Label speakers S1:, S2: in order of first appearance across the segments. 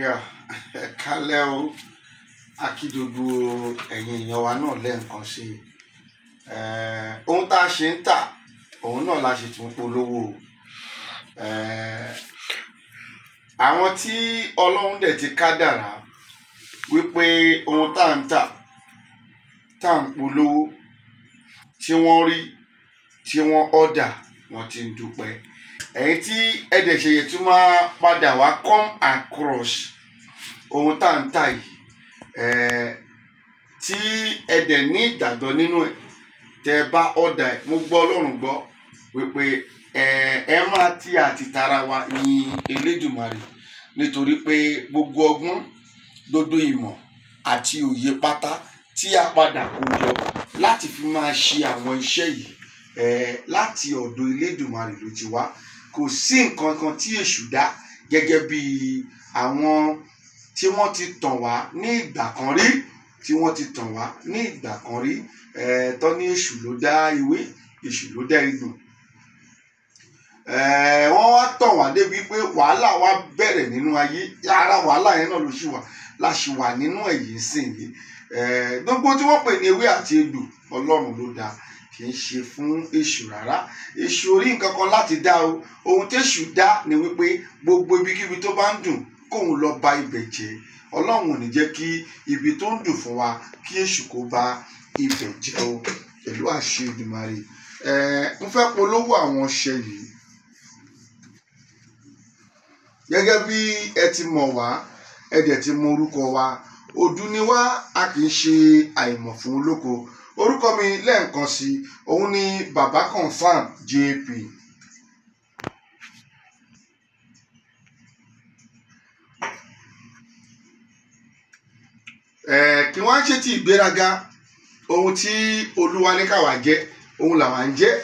S1: Yeah, kálẹ̀ o akídogbo ẹ̀yin èèyàn wa náà lẹ́ẹ̀kan sí i eh, ohun tá a ṣe ń tà òun náà la ṣe tún polówó eh, àwọn tí ọlọ́run dẹ̀ ti ká dàrá wípé ohun tá à ń tà tá à ń polówó tí wọ́n rí tí wọ́n ọ̀dà wọ́n ti ń dúpẹ́ ẹ̀yin tí ẹ dẹ̀ ṣe yẹ tún máa padà wá come across ohun tá à ń tà yìí tí ẹ dẹ̀ ní ìgbàgbọ́ nínú ẹ̀ tẹ́ ẹ bá ọ̀dà ẹ̀ mo gbọ́ ọlọ́run gbọ́ wípé ẹ máa ti àtìtara wa yin Elédùmarè nítorí pé gbogbo ọgbọ́n gbogbo ìmọ̀ àti òye pátá tí a padà kó yọ láti fi máa ṣe àwọn iṣẹ́ yìí láti ọ̀dọ̀ Elédùmarè ló ti wá kò sí nǹkan kan tí èṣù dá gẹ́gẹ́ bí àwọn tí wọ́n ti tàn wá ní ìgbà kan rí tí wọ́n ti tàn wá ní ìgbà kan rí tó ní èṣù ló dá ewé èṣù ló dá egbò wọ́n wá tàn wá débi pé wàhálà wa bẹ̀rẹ̀ nínú ayé ara wàhálà yẹn náà ló ṣì wà la ṣì wà nínú ẹ̀yìn sìn yìí gbogbo tí wọ́n pè ní ewé àti egbò ọlọ́run ló dá kì í ṣe fún èṣù rárá èṣù orí nǹkan kan láti dá o ohun téṣù dá ni wípé gbogbo ibikíbi tó bá ń dùn kóun lọ ba ibẹ̀ jẹ́ ọlọ́run ò ní jẹ́ kí ibi tó ń dùn fún wa kí èṣù kó ba ibẹ̀ jẹ́ o pẹ̀lú àṣẹ Èdùmàrè ẹ ń fẹ́ polówó àwọn ọṣẹ yìí gẹ́gẹ́ bí ẹ ti mọ̀ wá ẹ dẹ̀ ti mọ orúkọ wa ọdún ni wá a kì í ṣe àìmọ̀ fún olóko orúkọ mi lẹ́ẹ̀kan sí òun ni baba confam jp. kí wọ́n ṣe ti ìgbéraga ohun tí olúwa ní káwa jẹ́ ohun làwa ń jẹ́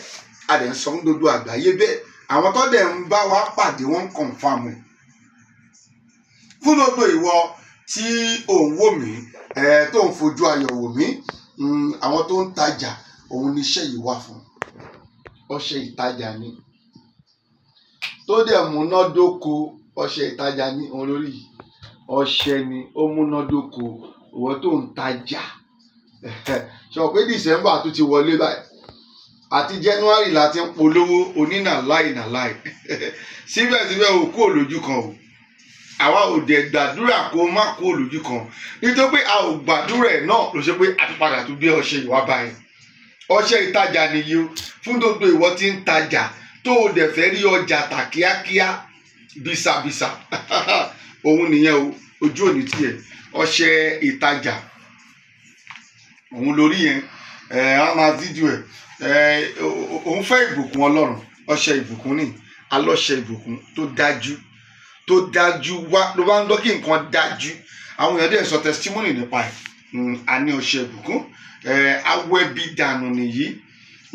S1: adẹ̀ ń sọ ń àgbáyé bẹ́ẹ̀ àwọn tó dẹ̀ ń bá wa pàdé wọ́n ń confam ẹ̀ fún gbogbo ìwọ tí ò wò mí tó ń fojú ayọ̀ wò mí Mm, àwọn tó ń tajà òun ni iṣẹ́ yìí wà fún ọṣẹ ìtajà ni tó dẹ̀ múnádóko ọṣẹ ìtajà ni òun lórí yìí ọṣẹ ni ó múnádóko ìwọ tó ń tajà sọ pé December tó ti wọlé báyìí àti January la ti ń polówó onínàláì nàláì síbẹ̀síbẹ̀ òkú òlójú kan o àwa ò dẹ̀ gbàdúrà kó má kó olùjú kan nítorí pé a ò gbàdúrà ẹ̀ náà ló ṣe pé àtúpadà tó gbé ọṣẹ ìwà báyìí ọṣẹ ìtajà nìyí o fún gbogbo ìwọ tí ń tajà tó o dẹ̀ fẹ́ rí ọjà tà kíákíá bísàbísà òun nìyẹn o ojú òní tiẹ̀ ọṣẹ ìtajà òun lórí yẹn ẹ á máa fídíò ẹ òun fẹ́ ìbùkún ọlọ́run ọṣẹ ìbùkún ni alọ́ṣẹ ìbùkún tó dájú tó dájú wá ló bá ń gbọ́ kí nǹkan dájú àwọn èèyàn dẹ̀ sọ testimony nípa ẹ̀ àní hmm, ọ̀sẹ̀ ìbùkún awọ ẹbí dànù nìyí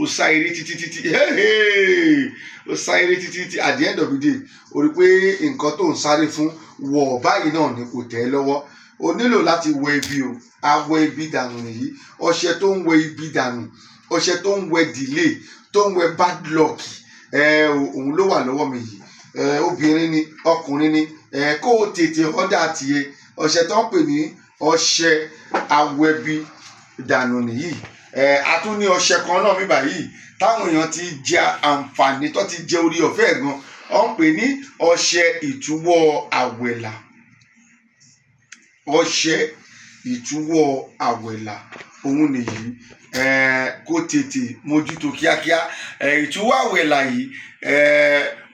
S1: ó sá eré títí títí ó sá eré títí títí at the end of the day ó rí pé nǹkan tó ń sáré fún wọ̀ báyìí náà ni kò tẹ́ lọ́wọ́ o nílò láti wẹ ibi o awọ ibi dànù nìyí ọṣẹ tó ń wẹ ibi dànù ọṣẹ tó ń wẹ delay tó ń wẹ bad luck òun ló wà lọ́wọ́ mi yìí obìnrin ni ọkùnrin ni kó o tètè ọ̀dà tiẹ̀ ọṣẹ tó ń pè ní ọṣẹ awẹbi dànù nìyí a tún ní ọṣẹ kan náà mi báyìí táwọn èèyàn ti jẹ àǹfààní tó ti jẹ orí ọ̀fẹ́ gan ọ ń pè ní ọṣẹ ìtúwọ́ àwẹ̀là ọṣẹ ìtúwọ́ àwẹ̀là òun nìyí kó tètè mójútó kíákíá ìtúwàwẹ̀ làyí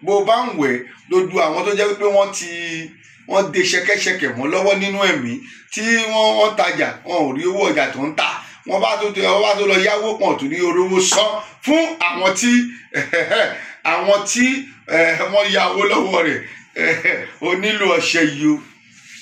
S1: bó bá ń wẹ̀ lójú àwọn tó jẹ́ wípé wọ́n ti wọ́n de ṣẹ̀kẹ̀ṣẹ̀kẹ̀ mọ́ lọ́wọ́ nínú ẹ̀mí tí wọ́n wọ́n tajà wọn ò rí owó ọjà tó ń tà wọ́n bá tó wọ́n bá tó lọ yáwó pọ̀ tó ní orówó san fún àwọn tí àwọn tí wọ́n yáwó lọ́wọ́ rẹ̀ onílò ọṣẹ yìí o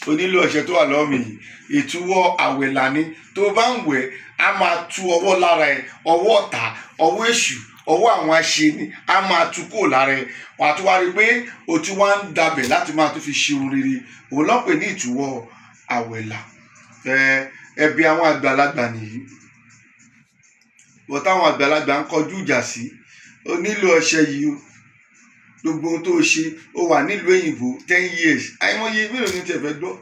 S1: o nílò tó wà lọ́mì yìí ìtúwọ́ àwẹ̀ lání tó bá ń wẹ̀ á máa tu ọwọ́ lára ẹ ọwọ́ ọ̀tá ọwọ́ èṣù ọwọ́ àwọn aṣeni á máa tu kúrò lára ẹ wà á tún wá rí i pé o tún wá ń dabẹ̀ láti máa tún fi ṣe ohun rere òun lọ́pẹ̀ ní ìtúwọ́ àwẹ̀ là ẹbí àwọn àgbàlagbà nìyí wọ́n táwọn àgbàlagbà ń kọjú ìjà sí o nílò yìí o gbogbo ohun tó ṣe ó wà nílùú òyìnbó ten years àìmọye mélòó ni tẹ̀ fẹ́ gbọ́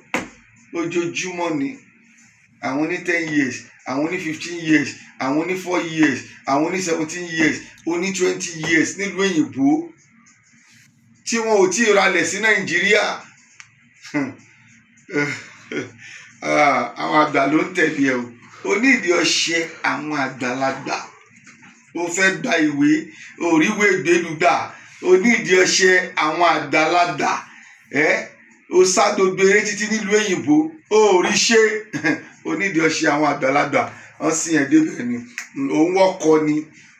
S1: ojoojúmọ́ ni àwọn ní ten years àwọn ní fifteen years àwọn ní four years àwọn ní seventeen years oní twenty years nílùú òyìnbó tí wọn ò tí ì ralẹ̀ sí nàìjíríà ah, àwọn àgbà ló ń tẹ̀lé ẹ o onídìí ọṣẹ àwọn àgbàlagbà ó fẹ́ gba ìwé òríwé ìgbélúgbà onídìí ọṣẹ àwọn àgbàlagbà ẹ o sá gbogbo eré títí nílùú òyìnbó o ò rí ṣe onídìí ọṣẹ àwọn àgbàlagbà wọn sì yẹn débẹ̀ ni òun wọkọ ni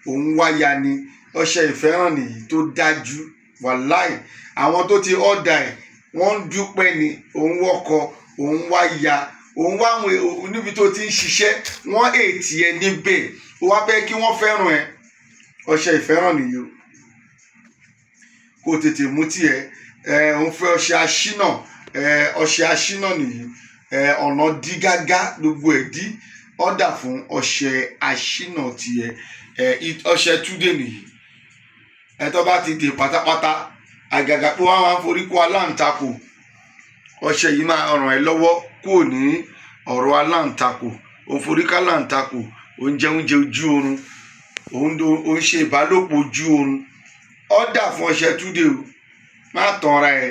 S1: òun wáya ni ọṣẹ ìfẹ́ràn nìyí tó dájú wàláì àwọn tó ti ọ̀dà ẹ̀ wọ́n ń dúpẹ́ ni òun wọkọ òun wáya òun wá àwọn níbi tó ti ń ṣiṣẹ́ wọ́n èètì ẹ níbẹ̀ wọ́n á fẹ́ kí wọ́n fẹ́ràn ẹ ọṣẹ ìfẹ́ràn nìyí o. kó tètè mú tiẹ̀ òun fẹ́ ọṣẹ aṣínà ọṣẹ aṣínà nìyí ọ̀nà dí gágá gbogbo ẹ̀ dí ọ̀dà fún ọṣẹ aṣínà tiẹ̀ ọṣẹ túdé nìyí ẹ̀tọ́ bá ti dè pátápátá àgàgà pé wọ́n máa ń forí kó aláǹtakùn ọṣẹ yìí máa ràn ẹ́ lọ́wọ́ ní ọ̀rọ̀ òforíkà òun jẹ oúnjẹ ojú oorun òun ṣe ìbálòpọ̀ ojú oorun ọ̀dà fún ọṣẹ túdé o má tanra ẹ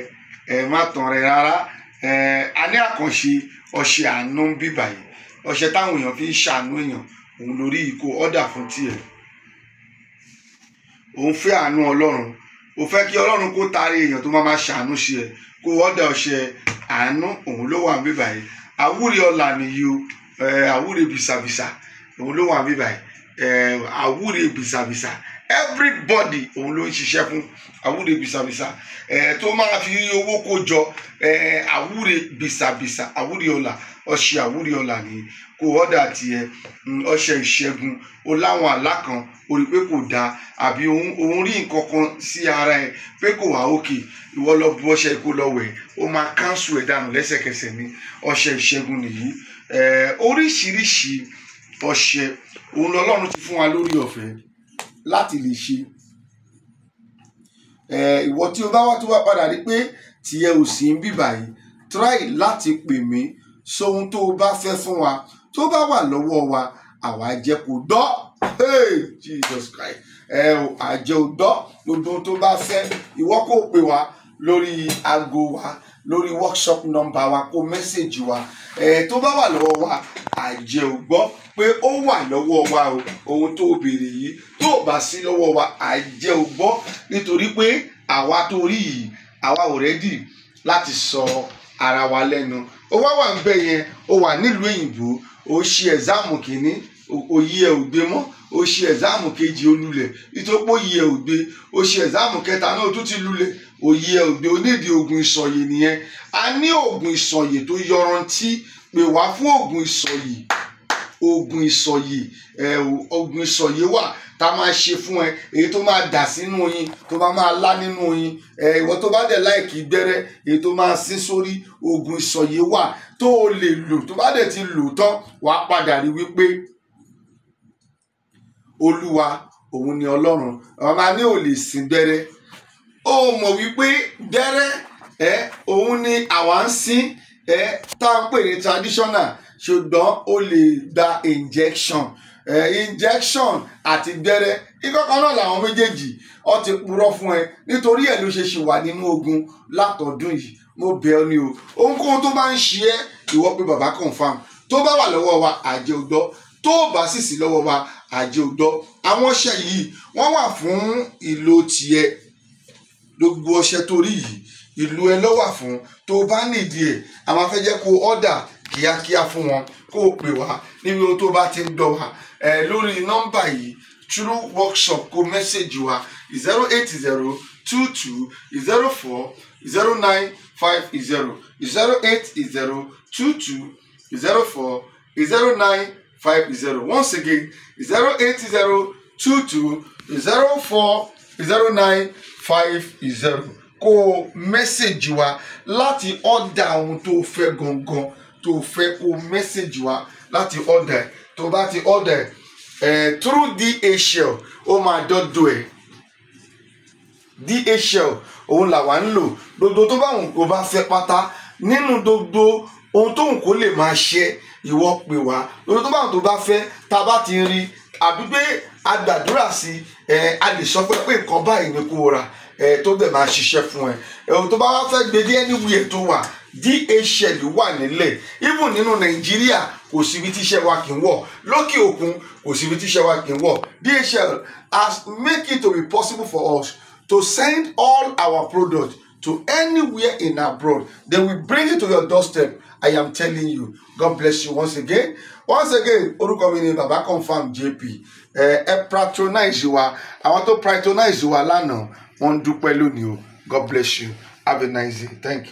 S1: ẹ má tanra ẹ rárá ẹ a ní àkànṣe ọṣẹ àánú ń bíbà yìí ọṣẹ táwọn èèyàn fi ń ṣàánú èèyàn òun lórí ìkó ọ̀dà fún tiẹ̀ òun fẹ́ àánú ọlọ́run ò fẹ́ kí ọlọ́run kó taari èèyàn tó máa ma ṣàánú sí ẹ kó ọ̀dà ọṣẹ àánú òun ló wà ń bíbà yìí àwúre ọ̀la nìyí o àwúre bìsàbìsà òun ló wà ń bíbà yìí àwúre bìsàbìsà everybody òun ló ń ṣiṣẹ́ fún àwúre bisabisa ẹ̀ tó máa fi owó kó jọ ẹ̀ àwúre bisabisa àwúre ọ̀la ọṣẹ àwúre ọ̀la ni kò ọ̀dà tiẹ̀ mm, ọṣẹ ìṣẹ́gun o láwọn àlá kan o rí pé kò dáa àbí òun rí nǹkan kan sí ara ẹ pé kò wá òkè ìwọ lọ bu ọṣẹ kó lọ wẹ̀ o máa kánṣu ẹ̀ dànù lẹ́sẹ̀kẹsẹ̀ ni ọṣẹ ìṣẹ́gun nìyí ẹ̀ oríṣiríṣi ọṣẹ òun lọ́lọ́run ti fún wa lórí ọ̀fẹ́ láti lè ṣe ìwọ tí o bá wá tó wá padà rí pé tìyẹ ò sí ń bì báyìí try láti pè mí sóhun tó o bá fẹ́ fún wa tó bá wà lọ́wọ́ wa àwa jẹ́ kó dọ́ hey Jesus Christ ẹ ò àjẹ́ ò dọ́ gbogbo tó bá fẹ́ ìwọ kò pè wá lórí aago wa lórí workshop number wa kó mẹ́sẹ̀gì wa tó bá wà lọ́wọ́ wa àjẹ́ ò gbọ́ pé ó wà lọ́wọ́ wa o ohun tó béèrè yìí tó bá sí lọ́wọ́ wa àjẹ́ ò gbọ́ nítorí pé àwa tó rí yìí àwa ò rẹ́dì láti sọ ara wa lẹ́nu ó wá wà ń bẹ̀ yẹn ó wà nílùú òyìnbó ó ṣe ẹ̀záàmù kìíní òye ẹ̀ ò gbé mọ́ ó ṣe ẹ̀záàmù kejì ó lulẹ̀ ìtòpó yìí ẹ̀ ò gbé ó ṣe ẹ̀záàmù kẹta náà tó ti lulẹ̀ òyì ẹ̀ ò gbé onídìí oògùn ìsọ̀yè nìyẹn a ní oògùn ìsọ̀yè tó yọrantí pè wá fún oògùn ìsọ̀yè oògùn ìsọ̀yè ẹ̀ oògùn ìsọ̀yè wà tá a máa ṣe fún ẹ èyí tó máa dà sínú oyin tó máa máa lá nínú oyin ẹ ìwọ tó bá dẹ̀ láìkì gbẹ́rẹ́ èyí tó máa sín sórí oògùn ìsọ̀yè wà tó o lè lò tó bá dẹ̀ ti lò tán wàá padà rí wípé olúwa òun ni ọlọ́run ọba ní ò lè sìn gbẹrẹ ó mọ̀ wípé gbẹrẹ ẹ òun ni àwa ń sìn ẹ tá à ń pè ní traditional ṣùgbọ́n ó lè gba injection ẹ injection àti gbẹrẹ ìkọ̀kan náà làwọn méjèèjì ó ti purọ́ fún ẹ nítorí ẹ̀ ló ṣe ṣì wà nínú ogun látọ̀dún yìí mo bẹ̀ ọ́ ni o ohunkóhun tó bá ń ṣe ẹ́ ìwọ pé bàbá confam tó bá wà lọ́wọ́ wa àjẹ́ ògbọ́ tó bá sì sí lọ́wọ́ wa àjẹ òdọ́ àwọn ọṣẹ yìí wọ́n wà fún ìlò tiẹ̀ gbogbo ọṣẹ tó rí yìí ìlú ẹ ló wà fún tó bá nídìí ẹ̀ àwọn afẹ́jẹ́ kó ọ́dà kíákíá fún wọn kó o pè wá níbi ohun tó bá ti ń dọ̀ wá ẹ̀ lórí nọ́mbà yìí true workshop kó mẹ́sẹ̀gì wa zero eight zero two two zero four zero nine five zero zero eight zero two two zero four zero nine. 50. Once again, 08022 04 0950. Kó o mẹ́sẹ̀jì wa láti ọ̀dà ohun tó fẹ́ gangan tó fẹ́ kó o mẹ́sẹ̀jì wa láti ọ̀dà ẹ̀ tó bá ti ọ̀dà ẹ̀ through DHL ó máa dọ́dọ̀ ẹ̀ DHL òun làwa ń lò gbogbo tó bá òun kò bá fẹ́ pátá nínú gbogbo ohun tóun kò lè máa ṣe ìwọ pè wá lórí tó bá tó bá fẹ́ tá a bá ti rí àbí pé a gbàdúrà sí ẹ a lè sọ pé pé nǹkan báyìí ni kó o rà ẹ tó bẹ̀ máa ṣiṣẹ́ fún ẹ ẹ tó bá wá fẹ́ gbé dé anywhere tó wà DHL wà nílẹ̀ even nínú Nàìjíríà kò síbi tí iṣẹ́ wa kì í wọ̀ lókè òkun kò síbi tí iṣẹ́ wa kì í wọ̀ DHL has make it to be possible for us to send all our products to anywhere in abroad Then we bring it to your doorstep I am telling you. God bless you once again. Once again, orúkọ mi ni Baba Confirm JP. Ẹ ẹ patronize wa. Àwọn tó patronize wa lánàá, wọ́n ń dúpẹ́ lónìí o. God bless you. Have a nice day. Thank you.